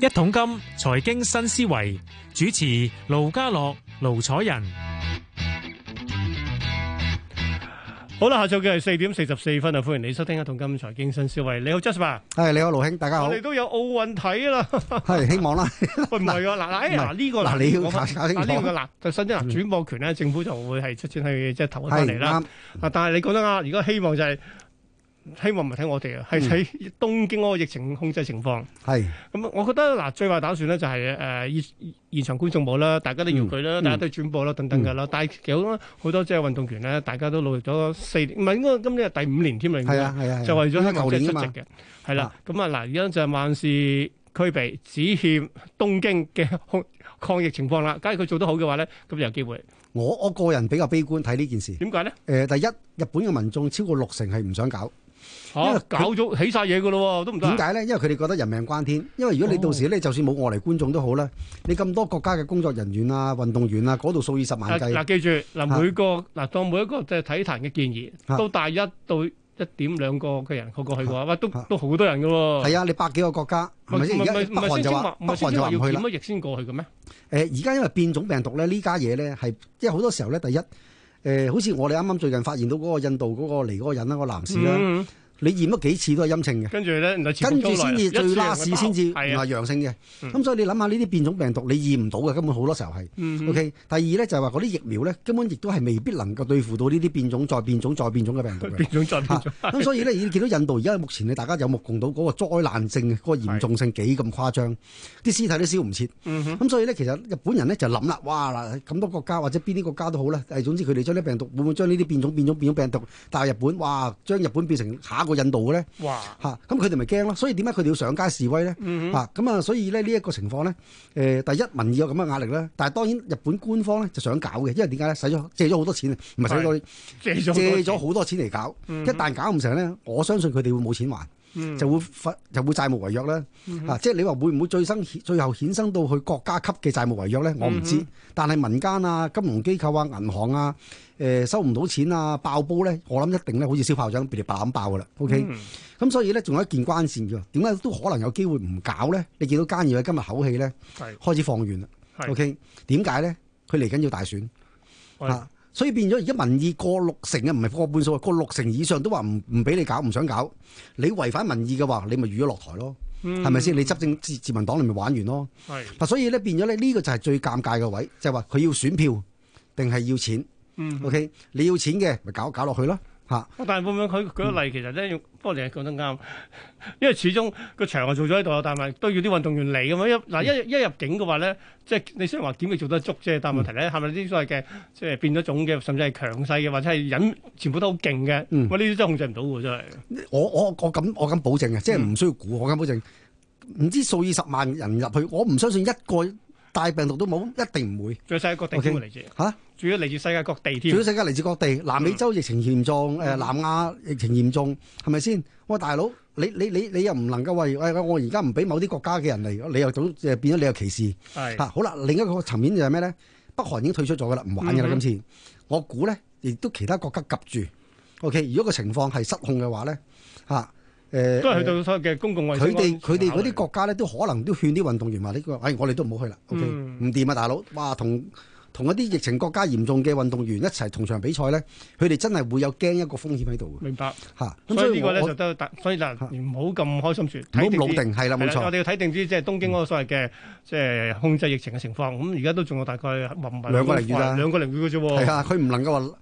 一桶金財經新思維主持盧家樂、盧楚仁，好啦，下晝嘅係四點四十四分啊！歡迎你收聽一桶金財經新思維。你好，Justin，係你好，盧兄，大家好。我哋都有奧運睇啦，係希望啦。會唔會啊嗱嗱嗱，嗱呢個嗱你要搞搞清楚啦。就新一轉播權咧，政府就會係出錢去即係投翻嚟啦。啊，但係你覺得啊，如果希望就係。希望唔係睇我哋啊，係睇東京嗰個疫情控制情況。係咁，我覺得嗱，最壞打算咧就係誒現場觀眾冇啦，大家都遙距啦，大家都轉播啦，等等㗎啦。但係幾好，好多即係運動員咧，大家都努力咗四年，唔係應該今年係第五年添啦。係啊係啊，就為咗舊年出席嘅。係啦，咁啊嗱，而家就萬事俱備，只欠東京嘅控抗疫情況啦。假如佢做得好嘅話咧，咁就有機會。我我個人比較悲觀睇呢件事。點解咧？誒，第一，日本嘅民眾超過六成係唔想搞。因為搞咗起晒嘢噶咯，都唔得。點解咧？因為佢哋覺得人命關天。因為如果你到時咧，就算冇外嚟觀眾都好啦，你咁多國家嘅工作人員啊、運動員啊，嗰度數以十萬計。嗱，記住嗱，每個嗱，當每一個即係體壇嘅建議，到大一到一點兩個嘅人過去嘅話，喂，都都好多人噶喎。係啊，你百幾個國家，咪咪咪咪，北韓就話北韓就唔去啦。要檢疫先過去嘅咩？誒，而家因為變種病毒咧，呢家嘢咧係，即係好多時候咧，第一，誒，好似我哋啱啱最近發現到嗰個印度嗰個嚟嗰個人啦，個男士啦。你驗咗幾次都係陰性嘅，跟住咧，跟住先至最拉 a 先至係陽性嘅。咁的所以你諗下呢啲變種病毒，你驗唔到嘅，根本好多時候係。嗯、哼 o、okay? K，第二咧就係話嗰啲疫苗咧，根本亦都係未必能夠對付到呢啲變種再變種再變種嘅病毒嘅。變種再變種。咁所以咧已經見到印度而家目前大家有目共睹嗰個災難性、嗰、那個嚴重性幾咁誇張，啲的屍體都燒唔切。咁、嗯、哼所以咧，其實日本人咧就諗啦，哇咁多國家或者邊啲國家都好啦，誒，總之佢哋將啲病毒會唔會將呢啲變種變種變種病毒，但係日本，哇，將日本變成下個印度咧，吓，咁佢哋咪驚咯，所以點解佢哋要上街示威咧？吓咁、嗯、啊，所以咧呢一個情況咧，誒，第一民意有咁嘅壓力咧，但係當然日本官方咧就想搞嘅，因為點解咧，使咗借咗好多錢，唔係借咗借咗好多錢嚟的搞，嗯、一旦搞唔成咧，我相信佢哋會冇錢還。嗯、就會發就會債務違約啦，嗯、哼啊，即係你話會唔會再生最後衍生到去國家級嘅債務違約咧？我唔知，嗯、哼但係民間啊、金融機構啊、銀行啊，誒、呃，收唔到錢啊，爆煲咧，我諗一定咧，好似小炮仗俾你爆咁爆噶啦。OK，咁、嗯嗯、所以咧仲有一件關線嘅，點解都可能有機會唔搞咧？你見到菅義偉今日口氣咧，係開始放軟啦。OK，點解咧？佢嚟緊要大選啊。是 所以變咗而家民意過六成啊，唔係過半數啊，過六成以上都話唔唔俾你搞，唔想搞。你違反民意嘅話，你咪預咗落台咯，係咪先？你執政自民黨你咪玩完咯。係嗱是，所以咧變咗咧呢個就係最尷尬嘅位，就係話佢要選票定係要錢？嗯哼，OK，你要錢嘅咪搞搞落去啦。嚇！啊嗯、但係會唔會佢舉個例，其實咧，不過你係講得啱，因為始終個場係做咗喺度，但係都要啲運動員嚟咁樣。一嗱、嗯、一一入境嘅話咧，即係你雖然話檢疫做得足，即係但係問題咧係咪啲所謂嘅即係變咗種嘅，甚至係強勢嘅，或者係人全部都好勁嘅喎，呢啲都控制唔到嘅真係。我我我敢我敢保證呀，即係唔需要估，我敢保證。唔、就是嗯、知數二十萬人入去，我唔相信一個。大病毒都冇，一定唔會。世界各地嚟自嚇，仲要嚟自世界各地添。仲要世界嚟自各地，南美洲疫情嚴重，誒、嗯，南亞疫情嚴重，係咪先？我大佬，你你你你又唔能夠話，我我而家唔俾某啲國家嘅人嚟，你又總誒、哎、變咗你有歧視。係嚇是、啊，好啦，另一個層面就係咩咧？北韓已經退出咗噶啦，唔玩噶啦，嗯、今次我估咧，亦都其他國家及住。OK，如果個情況係失控嘅話咧，嚇、啊。啊誒，都係去到所謂嘅公共衞生嘅。佢哋佢哋嗰啲國家呢，都可能都勸啲運動員話：呢個，哎，我哋都唔好去啦，OK，唔掂啊，大佬！哇，同同一啲疫情國家嚴重嘅運動員一齊同場比賽呢，佢哋真係會有驚一個風險喺度。明白嚇，所以呢個呢，就得，所以嗱，唔好咁開心住。唔好老定係啦，冇錯。我哋要睇定啲，即係東京嗰個所謂嘅，即係控制疫情嘅情況。咁而家都仲有大概雲雲兩個零月啦，兩個零月嘅啫喎。係啊，佢唔能夠話。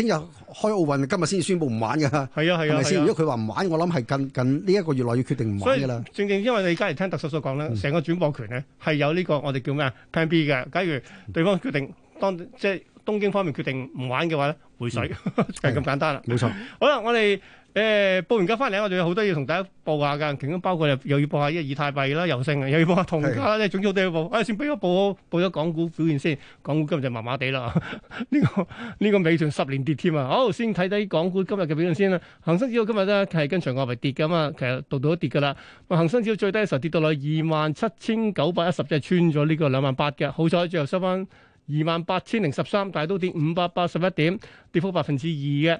聽日開奧運，今日先宣布唔玩嘅。係啊，係啊，咪先、啊？如果佢話唔玩，我諗係近近呢一個月內要決定唔玩噶啦。正正因為你而家嚟聽特首所講咧，成、嗯、個轉播權咧係有呢個我哋叫咩啊？PandB 嘅。假如對方決定、嗯、當即東京方面決定唔玩嘅話咧，回水，係咁、嗯、 簡單啦。冇錯。錯好啦，我哋。誒、欸，報完價翻嚟，我仲有好多嘢同大家報下噶，其中包括又要報下呢個以太幣啦，又升，又要報下銅價啦，即係種種都要報。誒、哎，算俾我報，報咗港股表現先。港股今日就麻麻地啦，呢、 這個呢、這個尾場十年跌添啊！好，先睇睇港股今日嘅表現先啦。恒生指數今日咧係跟隨外圍跌嘅嘛，其實度度都跌噶啦。恒生指數最低嗰時候跌到落二萬七千九百一十，即係穿咗呢個兩萬八嘅。好彩最後收翻二萬八千零十三，但係都跌五百八十一點，跌幅百分之二嘅。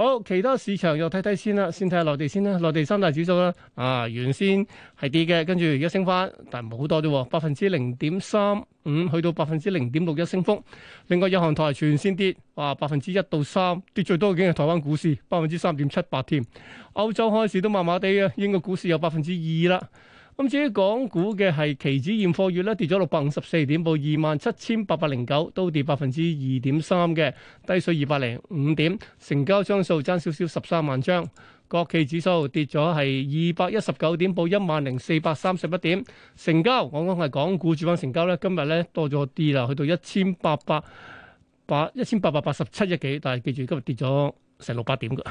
好，其他市場又睇睇先啦，先睇下內地先啦，內地三大指數啦，啊，原先係跌嘅，跟住而家升返，但係唔係好多啫，百分之零點三五去到百分之零點六一升幅。另外，日韓台全線跌，啊，百分之一到三跌，最多已經係台灣股市，百分之三點七八添。歐洲開市都麻麻地啊，英國股市有百分之二啦。咁至於港股嘅，係期指現貨月咧，跌咗六百五十四點，報二萬七千八百零九，都跌百分之二點三嘅，低水二百零五點，成交張數爭少少十三萬張。國企指數跌咗係二百一十九點，報一萬零四百三十一點，成交我講係港股主板成交咧，今日咧多咗啲啦，去到一千八百八一千八百八十七億幾，但係記住今日跌咗成六百點嘅，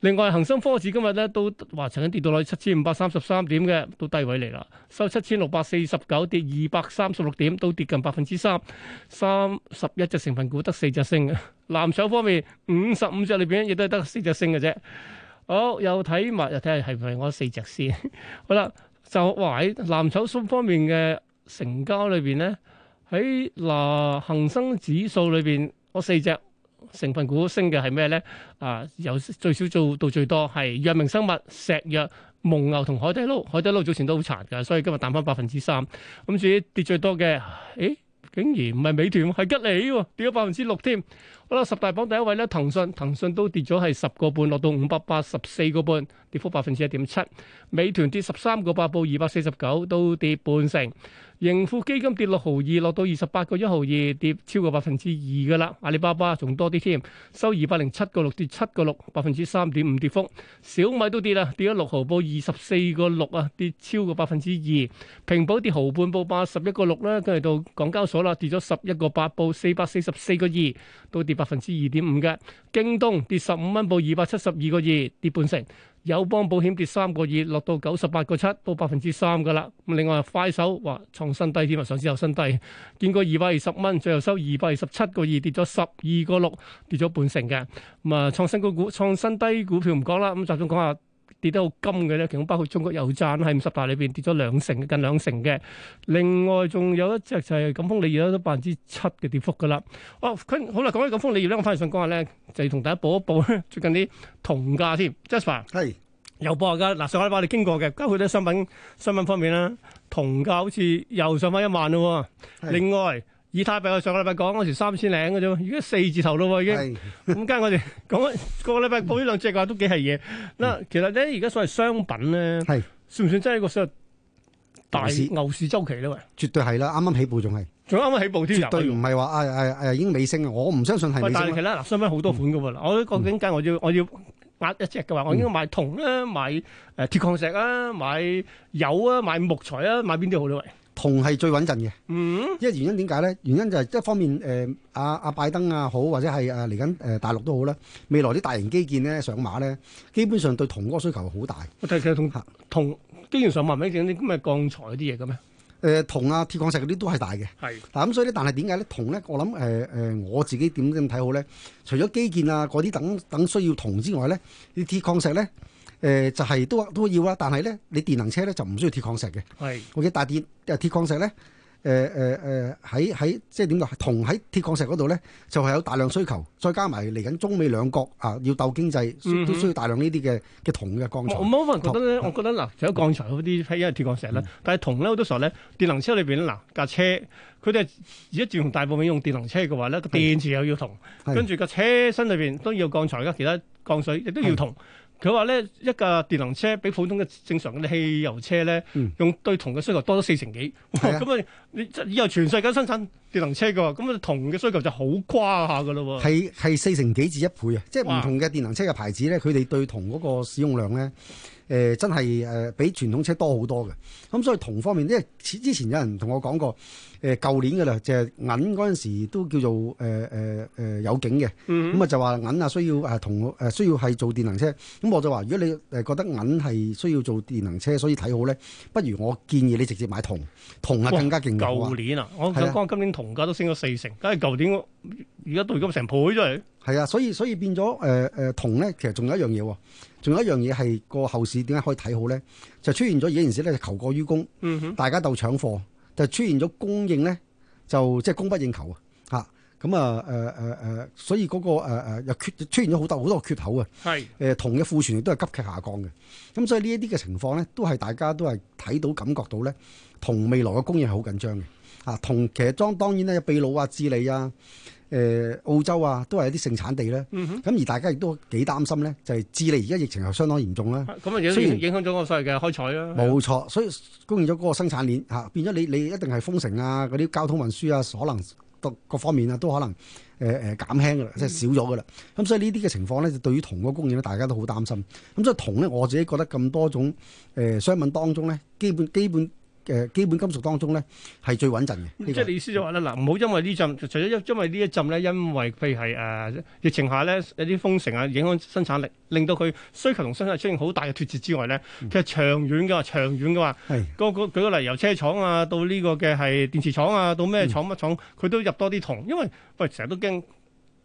另外恒生科指今日咧都話曾經跌到落去七千五百三十三點嘅，都低位嚟啦，收七千六百四十九，跌二百三十六點，都跌近百分之三，三十一隻成分股得四隻升嘅。藍籌方面，五十五隻裏邊亦都係得四隻升嘅啫。好，又睇埋又睇下係唔係我四隻先。好啦，就話喺藍籌數方面嘅成交裏邊咧，喺嗱恒生指數裏邊，我四隻。成分股升嘅係咩咧？啊，由最少做到最多係藥明生物、石藥、蒙牛同海底撈。海底撈早前都好殘㗎，所以今日彈返百分之三。咁、嗯、至於跌最多嘅，誒、哎，竟然唔係美團，係吉利，啊、跌咗百分之六添。好啦，十大榜第一位咧，騰訊，騰訊都跌咗係十個半，落到五百八十四個半，跌幅百分之一點七。美團跌十三個八，報二百四十九，都跌半成。盈富基金跌六毫二，落到二十八個一毫二，跌超過百分之二噶啦。阿里巴巴仲多啲添，收二百零七個六，跌七個六，百分之三點五跌幅。小米都跌啦，跌咗六毫，報二十四個六啊，跌超過百分之二。平保跌毫半，報八十一個六啦，跟住到港交所啦，跌咗十一個八，報四百四十四個二，都跌。百分之二點五嘅，京東跌十五蚊，報二百七十二個二，跌半成。友邦保險跌三個二，落到九十八個七，報百分之三噶啦。咁另外快手話創新低添啊，上市後新低，見過二百二十蚊，最後收二百二十七個二，跌咗十二個六，跌咗半成嘅。咁啊，創新高股創新低股票唔講啦，咁集中講下。跌得好金嘅咧，其中包括中國油贊喺五十大裏邊跌咗兩成，近兩成嘅。另外仲有一隻就係錦豐理業咧，都百分之七嘅跌幅噶啦。哦、啊，好啦，講起錦豐理業咧，我翻嚟想講下咧，就係同大家報一報咧，最近啲銅價添。Jasper 係是又報下㗎，嗱上個禮拜你經過嘅，包括啲商品新聞方面啦，銅價好似又上翻一萬咯。是另外以太幣我上個禮拜講嗰時三千零嘅啫，而家四字頭咯已經。咁梗住我哋講個個禮拜報呢兩隻嘅話都幾係嘢。嗱，其實咧而家所謂商品咧，係是算唔算真係一個所謂大牛市周期咧？喂，絕對係啦，啱啱起步仲係，仲啱啱起步添。絕對唔係話誒誒誒已經尾聲，我唔相信係。喂，但係其他嗱，商品好多款嘅喎，嗯、我都究竟點解我要我要押一隻嘅話，我應該買銅啊，買誒鐵礦石啊，買油啊，買木材啊，買邊啲好咧？喂？銅係最穩陣嘅，嗯、因為原因點解咧？原因就係一方面誒，阿、呃、阿、啊、拜登啊好，或者係誒嚟緊誒大陸都好啦。未來啲大型基建咧上馬咧，基本上對銅嗰個需求係好大。我睇、嗯、其實銅銅基建上馬，你咁咪鋼材啲嘢嘅咩？誒銅啊，鐵礦石嗰啲都係大嘅。係是，嗱咁所以咧，但係點解咧？銅咧，我諗誒誒我自己點點睇好咧？除咗基建啊嗰啲等等需要銅之外咧，啲鐵礦石咧。誒、呃，就係、是、都都要啦，但係咧，你電能車咧就唔需要鐵礦石嘅。係，OK，是但係鐵礦石咧，誒誒誒，喺、呃、喺即係點講？銅喺鐵礦石嗰度咧，就係、是、有大量需求。再加埋嚟緊中美兩國啊，要鬥經濟，都需要大量呢啲嘅嘅銅嘅鋼材。我冇可能覺得咧，我覺得嗱，除咗鋼材嗰啲，因為鐵礦石咧，嗯、但係銅咧，好多時候咧，電能車裏邊嗱架車，佢哋而家自從大部分用電能車嘅話咧，個電池又要銅，是是跟住個車身裏邊都要鋼材㗎，其他鋼水亦都要銅。佢話咧，一架電能車比普通嘅正常嘅汽油車咧，嗯、用對銅嘅需求多咗四成幾，咁啊，你 以後全世界生產。電能車嘅，咁啊銅嘅需求就好誇張下噶咯，係係四成幾至一倍啊！即係唔同嘅電能車嘅牌子咧，佢哋、啊、對銅嗰個使用量咧，誒、呃、真係誒比傳統車多好多嘅。咁、嗯、所以銅方面，因為之前有人同我講過，誒、呃、舊年噶啦，就銀嗰陣時都叫做誒誒誒有景嘅，咁啊、嗯嗯嗯、就話銀啊需要誒銅誒需要係做電能車，咁我就話如果你誒覺得銀係需要做電能車，所以睇好咧，不如我建議你直接買銅，銅啊更加勁嘅。舊年啊，嗎我講今年銅。銅價都升咗四成，梗係舊年，而家都而家成倍咗嚟，係啊，所以所以變咗誒誒，銅、呃、咧其實仲有一樣嘢、啊，仲有一樣嘢係個後市點解可以睇好咧？就出現咗而家件事咧，求過於供，嗯哼，大家鬥搶貨，就出現咗供應咧，就即係、就是、供不應求啊！吓咁啊誒誒誒，所以嗰、那個誒誒又缺，出現咗好多好多缺口啊！係誒是，銅嘅庫存亦都係急劇下降嘅。咁、嗯、所以呢一啲嘅情況咧，都係大家都係睇到感覺到咧，銅未來嘅供應係好緊張嘅。啊，銅其實當當然咧，秘魯啊、智利啊、誒、呃、澳洲啊，都係一啲盛產地咧。咁、嗯、哼而大家亦都幾擔心咧，就係、是、智利而家疫情又相當嚴重啦。咁啊、嗯哼，有然影響咗嗰個所謂嘅開採啦。冇錯，所以供應咗嗰個生產鏈嚇、啊，變咗你你一定係封城啊，嗰啲交通運輸啊，可能各各方面啊都可能誒誒、呃呃、減輕噶啦，即係少咗噶啦。咁、嗯、所以呢啲嘅情況咧，就對於銅嘅供應咧，大家都好擔心。咁所以銅咧，我自己覺得咁多種誒商品當中咧，基本基本、基本嘅基本金屬當中咧，係最穩陣嘅。咁即係你意思就話咧，嗱，唔好因為呢一陣，除咗因因為呢一陣咧，因為譬如係誒疫情下咧，有啲封城啊，影響生產力，令到佢需求同生產出現好大嘅脱節之外咧，其實長遠嘅話，長遠嘅話，個個舉個例，由車廠啊，到呢個嘅係電池廠啊，到咩廠乜廠，佢都入多啲銅，因為喂成日都驚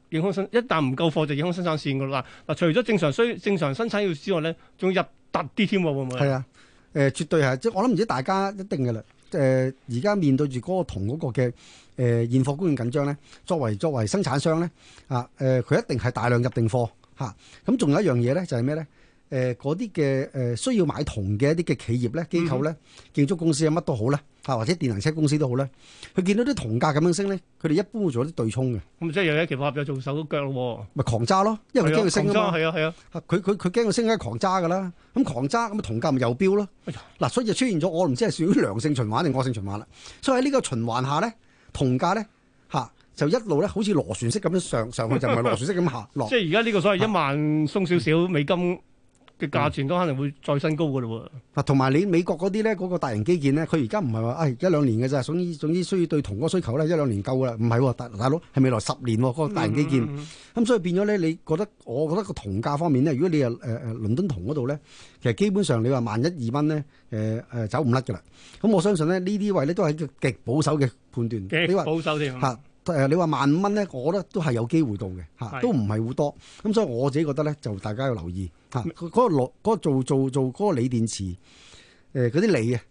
影響生，一旦唔夠貨就影響生產線噶啦。嗱，除咗正常需正常生產要之外咧，仲要入突啲添，會唔會？係啊。誒、呃、絕對係，即係我諗唔知大家一定嘅啦。誒而家面對住嗰個銅嗰個嘅誒、呃、現貨供應緊張咧，作為作為生產商咧，啊誒佢、呃、一定係大量入定貨嚇。咁、啊、仲、嗯、有一樣嘢咧，就係咩咧？誒嗰啲嘅誒需要買銅嘅一啲嘅企業咧、機構咧、嗯、建築公司啊乜都好啦，嚇、啊、或者電能車公司都好啦，佢見到啲銅價咁樣升咧，佢哋一般會做啲對沖嘅。咁即係有一期貨又做手腳咯喎。咪狂揸咯，因為佢驚佢升啊。係啊係啊，佢佢佢驚佢升咧，梗係狂揸噶啦。咁狂揸咁啊，銅價咪有標咯。嗱、啊，所以就出現咗，我唔知係屬於良性循環定惡性循環啦。所以喺呢個循環下咧，銅價咧嚇、啊、就一路咧好似螺旋式咁樣上上去，就唔係螺旋式咁下落。 即係而家呢個所謂一萬鬆少少美金。 嘅價錢都可能會再升高噶嘞喎！嗱，同埋你美國嗰啲咧，嗰、嗰個大型基建咧，佢而家唔係話誒一兩年嘅咋，總之總之需要對銅嗰個需求咧，一兩年夠噶啦，唔係、哦，大大佬係未來十年、哦嗰個大型基建，咁、嗯嗯嗯、所以變咗咧，你覺得我覺得個銅價方面咧，如果你誒誒、呃、倫敦銅嗰度咧，其實基本上你話萬一二蚊咧，誒、呃、誒、呃、走唔甩噶啦，咁我相信咧呢啲位咧都係一個極保守嘅判斷，你話保守啲啊。誒，你話萬五蚊咧，我覺得都係有機會到嘅，嚇的，都唔係好多。咁所以我自己覺得咧，就大家要留意嚇，嗰的、啊嗰個落做做做嗰個鋰電池，誒嗰啲鋰啊，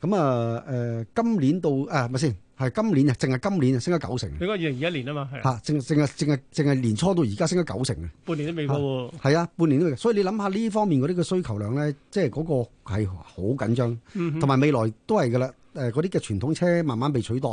嚇，咁啊誒，今年到啊咪先？係今年啊，淨係今年啊，升咗九成。你講二零二一年啊嘛，係嚇，淨淨係淨係淨係年初到而家升咗九成嘅、啊，半年都未夠喎。係啊，半年都未。所以你諗下呢方面嗰啲嘅需求量咧，即係嗰個係好緊張，同埋、嗯、哼未來都係嘅啦。誒，嗰啲嘅傳統車慢慢被取代，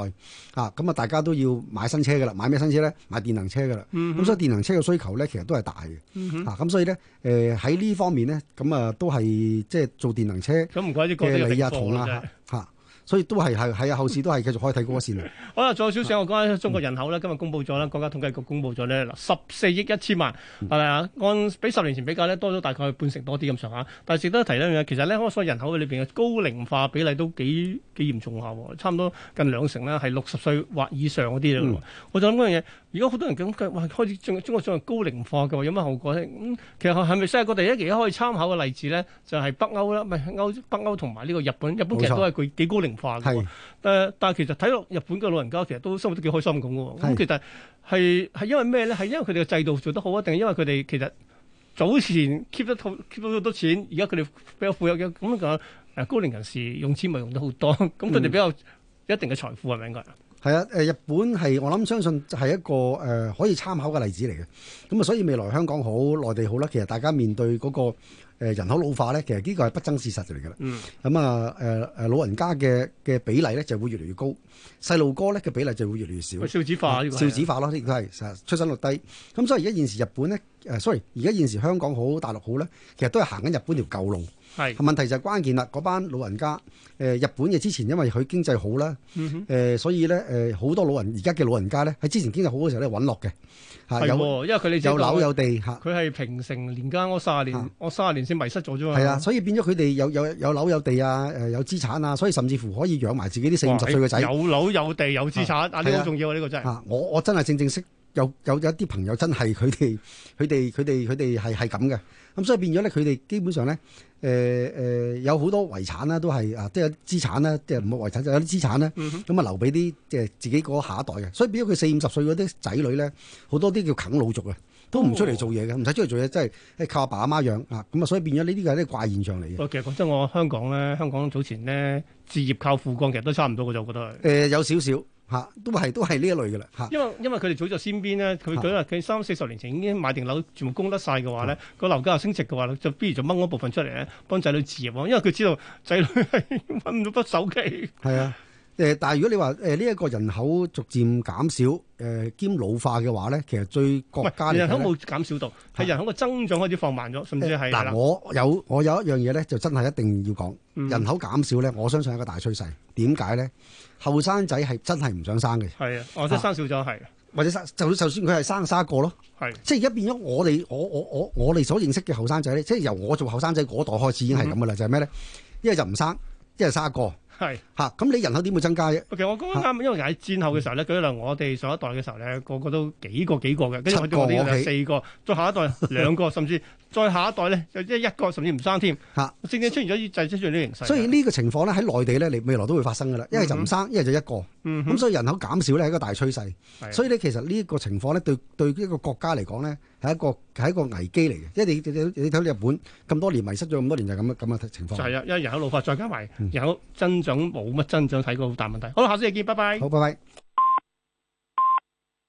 啊，咁啊，大家都要買新車㗎喇，買咩新車咧？買電能車㗎喇，咁、嗯哼嗯、所以電能車嘅需求咧，其實都係大嘅，嗯、哼啊，咁所以咧，誒喺呢方面咧，咁、嗯、啊、呃，都係即係做電能車嘅李亞彤啦、啊，嚇、嗯。所以都係係係啊，後市都係繼續可以睇嗰個線量 好啦，再少少我講下中國人口啦。今日公布咗啦，國家統計局公布咗咧，嗱十四億一千萬，係咪啊？按比十年前比較咧，多咗大概半成多啲咁上下。但係值得提咧一樣嘢，其實咧，開所有人口嘅裏邊嘅高齡化比例都幾幾嚴重下喎、哦，差唔多近兩成啦，係六十歲或以上嗰啲嚟，我就諗嗰樣嘢，如果好多人咁句，開始中中國進入高齡化嘅話，有乜後果咧、嗯？其實係咪世界各地咧，而家可以參考嘅例子咧，就係、是、北歐啦，唔係北歐同埋呢個日本，日本其實都係佢幾高齡。化嘅是但係其實睇落日本嘅老人家，其實都生活得幾開心咁喎。咁是其實係係因為咩咧？係因為佢哋嘅制度做得好啊，定係因為佢哋其實早前 keep 得到 keep 到好多錢，而家佢哋比較富有嘅咁嘅高齡人士用錢咪用得好多。咁佢哋比較一定嘅財富係咪應該？嗯是係啊，誒日本係我諗相信係一個誒、呃、可以參考嘅例子嚟嘅，咁啊所以未來香港好、內地好啦，其實大家面對嗰個人口老化咧，其實呢個係不爭事實嚟嘅啦。咁啊誒誒老人家嘅嘅比例咧就會越嚟越高，細路哥咧嘅比例就會越嚟越，越，越少。少子化呢、呢個係少子化咯，呢個係其實出生率低。咁所以而家現時日本咧誒、呃、sorry，而家現時香港好、大陸好咧，其實都係行緊日本條舊路。係，問題就係關鍵啦。嗰班老人家，誒、呃、日本嘅之前，因為佢經濟好啦，誒、嗯哼呃、所以咧，誒、呃、好多老人而家嘅老人家咧，喺之前經濟好嘅時候咧搵落嘅，係、啊嗯、哼有，因為佢哋有樓有地吓，佢係、啊、平成年間我卅年、啊、我卅年先迷失咗咋，係啊，所以變咗佢哋有有有樓有地啊，誒有資產啊，所以甚至乎可以養埋自己啲四五十歲嘅仔、啊，有樓有地有資產，啊呢好重要啊呢、呢個真係的，啊我我真係正正識。有有有一啲朋友真係佢哋佢哋佢哋佢哋係係咁嘅，咁所以變咗咧，佢哋基本上咧，誒誒有好多遺產啦，都係啊，即係資產啦，即係冇遺產就有啲資產咧，咁啊留俾啲即係自己嗰下一代嘅，所以變咗佢、呃呃嗯、哼四五十歲嗰啲仔女咧，好多啲叫啃老族嘅，都唔出嚟做嘢嘅，唔使、哦、出嚟做嘢，即係靠阿爸阿媽養啊，咁啊，所以變咗呢啲嘅係啲怪現象嚟嘅。喂，其實講真，我香港咧，香港早前咧，置業靠父幹其實都差唔多嘅，就覺得係、呃、有少少。嚇、啊，都係都係呢一類嘅啦。嚇、啊，因為因為佢哋早就先邊咧，佢嗰日佢三四十年前已經買定樓，全部供得晒嘅話咧，個、啊、樓價又升值嘅話咧，就不如就掹嗰部分出嚟咧，幫仔女置業。因為佢知道仔女係揾唔到筆首期。係啊。誒，但係如果你話誒，呢一個人口逐漸減少，誒兼老化嘅話咧，其實最國家人口冇減少到，係人口嘅增長開始放慢咗，甚至係，但我有我有一樣嘢咧，就真係一定要講，人口減少咧，我相信係一個大趨勢。點解咧？後生仔係真係唔想生嘅，係啊，哦，即生少咗，係，或者生，就就算佢係生三個咯，係，即係而家變咗我哋，我我我我哋所認識嘅後生仔咧，即係由我做後生仔嗰代開始已經係咁噶啦，就係咩咧？一係就唔生，一係三個。係，嚇！咁你人口點會增加啫？其實我講得啱，因為喺戰後嘅時候咧，舉例我哋上一代嘅時候咧，個個都幾個幾個嘅，跟住個啲又四個，再下一代兩個，甚至再下一代咧就一一個，甚至唔生添，嚇！正正出現咗啲就即係呢啲形勢。所以呢個情況咧喺內地咧，嚟未來都會發生噶啦。一係就唔生，一係就一個，咁所以人口減少咧係一個大趨勢。所以咧其實呢個情況咧對對一個國家嚟講咧係一個係一個危機嚟嘅，因為你你你睇日本咁多年迷失咗咁多年就咁咁嘅情況。就係啊！因為人口老化，再加埋人口增。上冇乜真相睇過好大問題。好啦，下次再見，拜拜。好，拜拜。